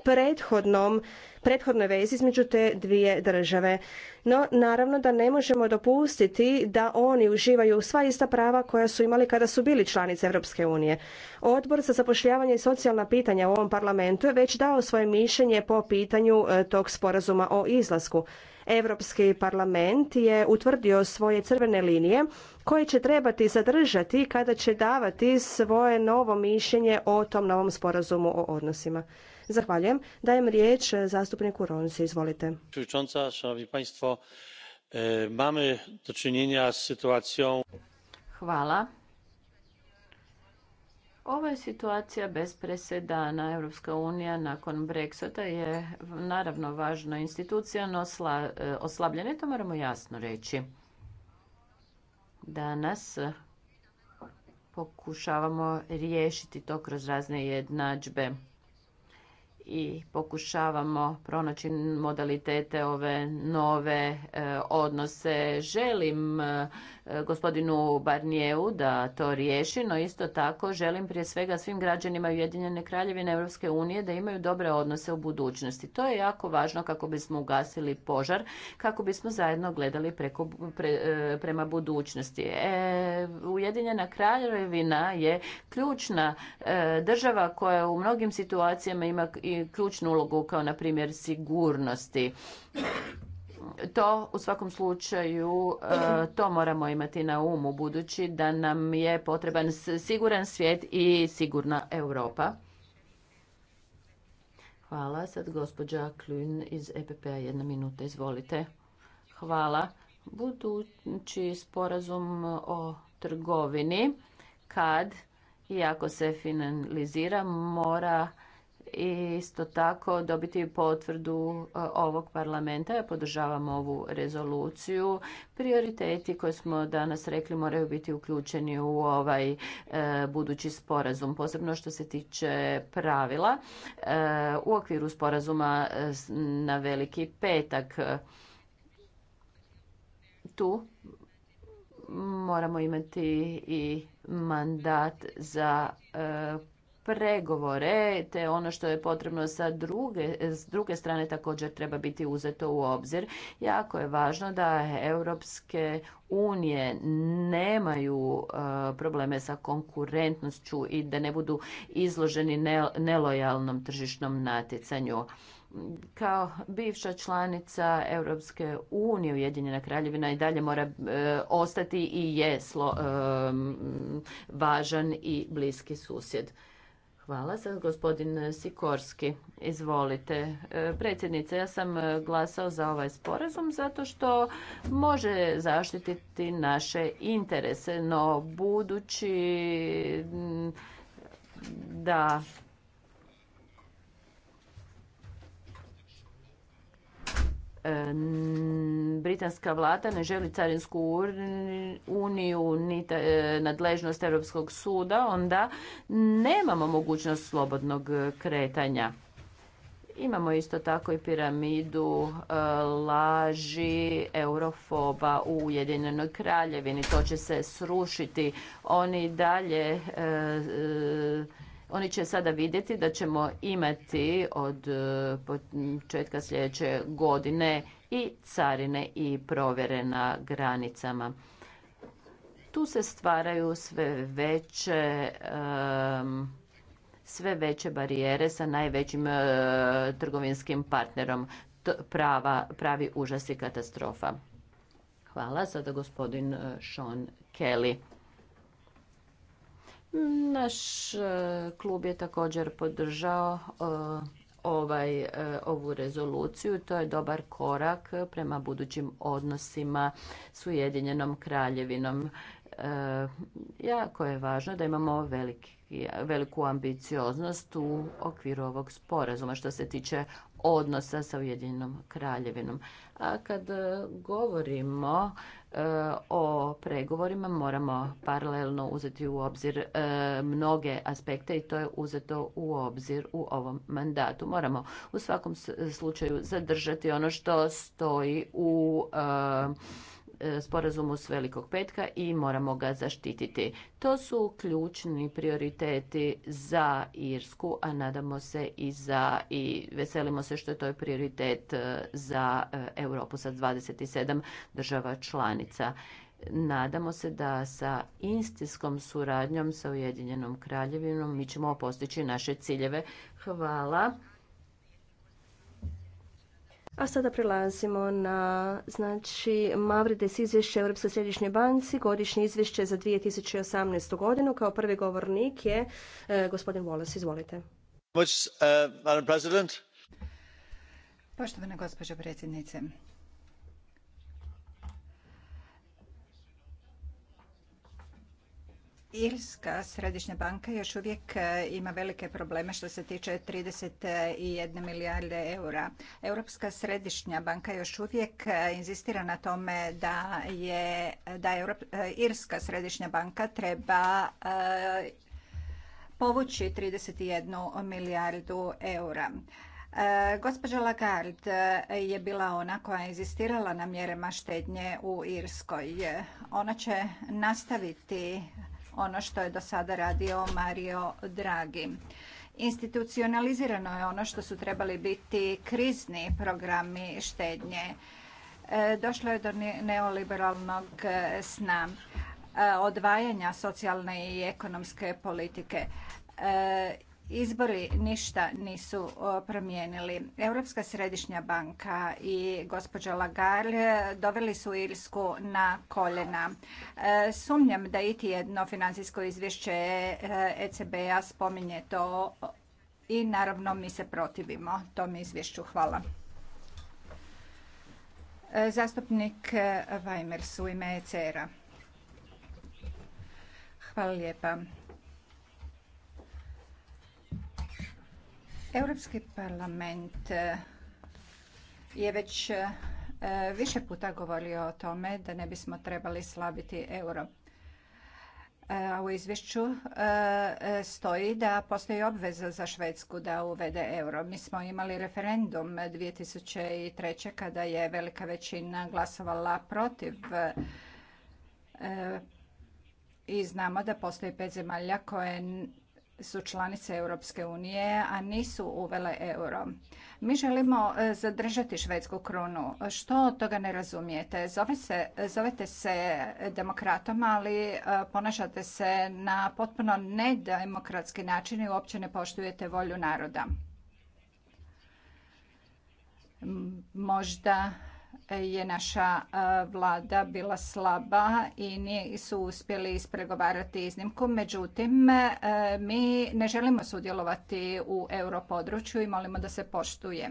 prethodnom prethodnoj vezi između te dvije države. No, naravno da ne možemo dopustiti da oni uživaju sva ista prava koja su imali kada su bili članice Europske unije. Odbor za zapošljavanje i socijalna pitanja u ovom parlamentu je već dao svoje mišljenje po pitanju e, tog sporazuma o izlasku. Europski parlament je utvrdio svoje crvene linije koje će trebati zadržati kada će davati svoje novo mišljenje o tom novom sporazumu o odnosima. Zahvaljujem. Dajem riječ e, zastupniku Ronsi. Izvolite. E, Hvala. Ovo je situacija bez presedana. Europska unija nakon Brexita je naravno važna institucija, no e, oslabljena. To moramo jasno reći. Danas pokušavamo riješiti to kroz razne jednadžbe i pokušavamo pronaći modalitete ove nove e, odnose. Želim e, gospodinu Barnijevu da to riješi, no isto tako želim prije svega svim građanima Ujedinjene kraljevine Europske unije da imaju dobre odnose u budućnosti. To je jako važno kako bismo ugasili požar, kako bismo zajedno gledali preko, e, prema budućnosti. Ujedinjena kraljevina je ključna država koja u mnogim situacijama ima i ključnu ulogu kao na primjer sigurnosti. To u svakom slučaju e, to moramo imati na umu budući da nam je potreban siguran svijet i sigurna Europa. Hvala. Sad gospođa Kljun iz EPP-a jedna minuta. Izvolite. Hvala. Budući sporazum o trgovini kad i ako se finalizira mora isto tako dobiti potvrdu e, ovog parlamenta. Ja podržavam ovu rezoluciju. Prioriteti koje smo danas rekli moraju biti uključeni u ovaj e, budući sporazum, posebno što se tiče pravila. E, u okviru sporazuma na veliki petak tu moramo imati i mandat za pregovore, te ono što je potrebno sa druge, s druge strane također treba biti uzeto u obzir. Jako je važno da Europske unije nemaju e, probleme sa konkurentnošću i da ne budu izloženi nelojalnom tržišnom natjecanju kao bivša članica Europske unije Ujedinjena kraljevina i dalje mora e, ostati i je e, važan i bliski susjed. Hvala za gospodin Sikorski. Izvolite. E, predsjednice, ja sam e, glasao za ovaj sporazum zato što može zaštititi naše interese, no budući da britanska vlada ne želi carinsku uniju ni e, nadležnost Europskog suda, onda nemamo mogućnost slobodnog kretanja. Imamo isto tako i piramidu e, laži eurofoba u Ujedinjenoj kraljevini. To će se srušiti. Oni dalje e, oni će sada vidjeti da ćemo imati od eh, početka sljedeće godine i carine i provjere na granicama. Tu se stvaraju sve veće sve veće barijere sa najvećim eh, trgovinskim partnerom. pravi užas i katastrofa. Hvala. Sada gospodin eh, Sean Kelly. Naš e, klub je također podržao e, ovaj, e, ovu rezoluciju. To je dobar korak prema budućim odnosima s Ujedinjenom kraljevinom. jako je važno da imamo veliku ambicioznost u okviru ovog sporazuma što se tiče odnosa sa Ujedinjenom kraljevinom. A kad govorimo o pregovorima moramo paralelno uzeti u obzir e, mnoge aspekte i to je uzeto u obzir u ovom mandatu. Moramo u svakom slučaju zadržati ono što stoji u e, E, sporazumu s Velikog petka i moramo ga zaštititi. To su ključni prioriteti za Irsku, a nadamo se i za i veselimo se što je to je prioritet e, za e, Europu sa 27 država članica. Nadamo se da sa instinskom suradnjom sa Ujedinjenom kraljevinom mi ćemo postići naše ciljeve. Hvala. A sada prelazimo na znači, Mavrides izvješće Europske središnje banci, godišnje izvješće za 2018. godinu. Kao prvi govornik je e, gospodin Wallace. Izvolite. Much, uh, Poštovana gospođo predsjednice, Irska središnja banka još uvijek e, ima velike probleme što se tiče 31 milijarde eura. Europska središnja banka još uvijek e, inzistira na tome da je da e, Irska središnja banka treba povući 31 milijardu eura. Gospođa Lagarde je bila ona koja je inzistirala na mjerama štednje u Irskoj. Ona će nastaviti ono što je do sada radio Mario Draghi. Institucionalizirano je ono što su trebali biti krizni programi štednje. E, došlo je do neoliberalnog e, sna, e, odvajanja socijalne i ekonomske politike Izbori ništa nisu promijenili. Europska središnja banka i gospođa Lagarde doveli su Irsku na koljena. E, sumnjam da iti jedno financijsko izvješće e, ECB-a spominje to i naravno mi se protivimo tom izvješću. Hvala. E, zastupnik Vajmers u ime ECR-a. Hvala lijepa. Europski parlament e, je već e, više puta govorio o tome da ne bismo trebali slabiti euro. E, a U izvješću stoji da postoji obveza za Švedsku da uvede euro. Mi smo imali referendum 2003. kada je velika većina glasovala protiv i znamo da postoji pet zemalja koje su članice Europske unije, a nisu uvele euro. Mi želimo e, zadržati švedsku krunu. Što od toga ne razumijete? Zove se, zovete se demokratom, ali e, ponašate se na potpuno nedemokratski način i uopće ne poštujete volju naroda. Možda je naša e, vlada bila slaba i nisu uspjeli ispregovarati iznimku. Međutim, e, mi ne želimo sudjelovati u europodručju i molimo da se poštuje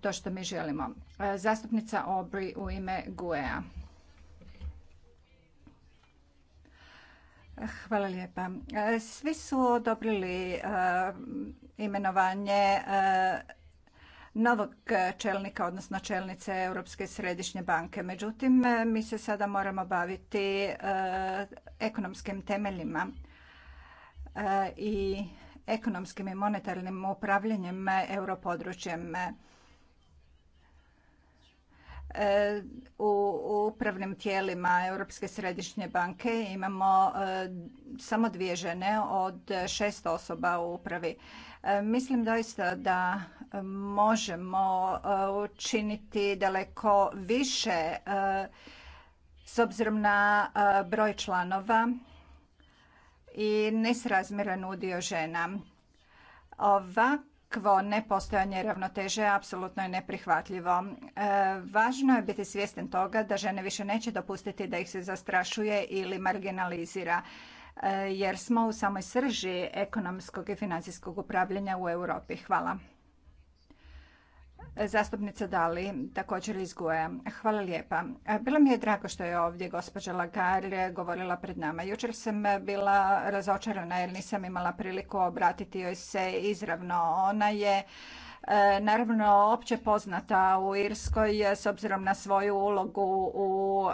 to što mi želimo. E, zastupnica Obri u ime gue Hvala lijepa. Svi su odobrili imenovanje novog e, čelnika, odnosno čelnice Europske središnje banke. Međutim, e, mi se sada moramo baviti e, ekonomskim temeljima i ekonomskim i monetarnim upravljanjem europodručjem. U upravnim tijelima Europske središnje banke imamo samo dvije žene od šest osoba u upravi. E, mislim doista da možemo e, učiniti daleko više e, s obzirom na broj članova i nesrazmjeran udio žena. Ovakvo nepostojanje ravnoteže apsolutno je neprihvatljivo. Važno je biti svjestan toga da žene više neće dopustiti da ih se zastrašuje ili marginalizira jer smo u samoj srži ekonomskog i financijskog upravljanja u Europi. Hvala. Zastupnica Dali, također iz Guje. Hvala lijepa. Bilo mi je drago što je ovdje gospođa Lagar govorila pred nama. Jučer sam bila razočarana jer nisam imala priliku obratiti joj se izravno. Ona je E, naravno opće poznata u Irskoj e, s obzirom na svoju ulogu u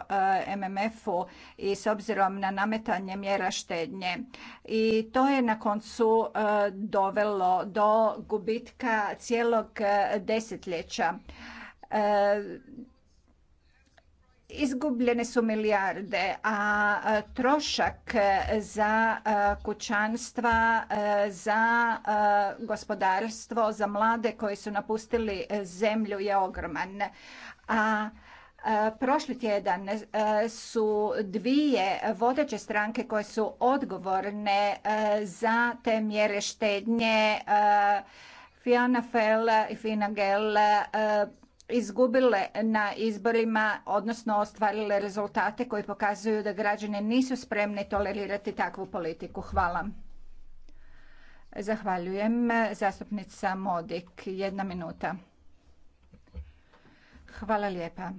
e, MMF-u i s obzirom na nametanje mjera štednje. I to je na koncu dovelo do gubitka cijelog desetljeća Izgubljene su milijarde, a trošak e, za e, kućanstva, e, za gospodarstvo, za mlade koji su napustili zemlju je ogroman. A Prošli tjedan su dvije vodeće stranke koje su odgovorne za te mjere štednje, Fianna Fell i Finagel, izgubile na izborima, odnosno ostvarile rezultate koji pokazuju da građani nisu spremni tolerirati takvu politiku. Hvala. Zahvaljujem. Zastupnica Modik, jedna minuta. Hvala lijepa.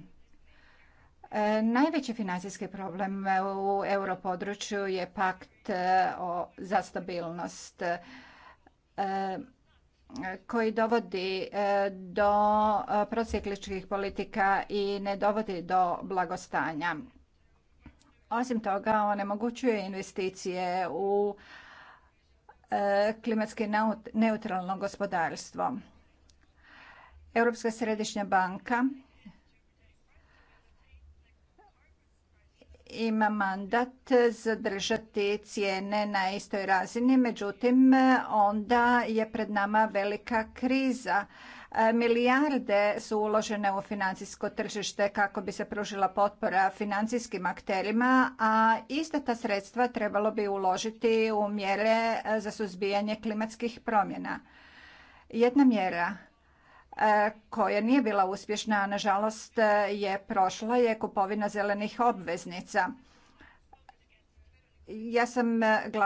E, najveći financijski problem u europodručju je pakt e, za stabilnost e, koji dovodi e, do e, procikličkih politika i ne dovodi do blagostanja. Osim toga, onemogućuje investicije u e, klimatski neutralno gospodarstvo. Europska središnja banka ima mandat zadržati cijene na istoj razini, međutim onda je pred nama velika kriza. Milijarde su uložene u financijsko tržište kako bi se pružila potpora financijskim akterima, a ista ta sredstva trebalo bi uložiti u mjere za suzbijanje klimatskih promjena. Jedna mjera koja nije bila uspješna, a nažalost e, je prošla, je kupovina zelenih obveznica. Ja sam e,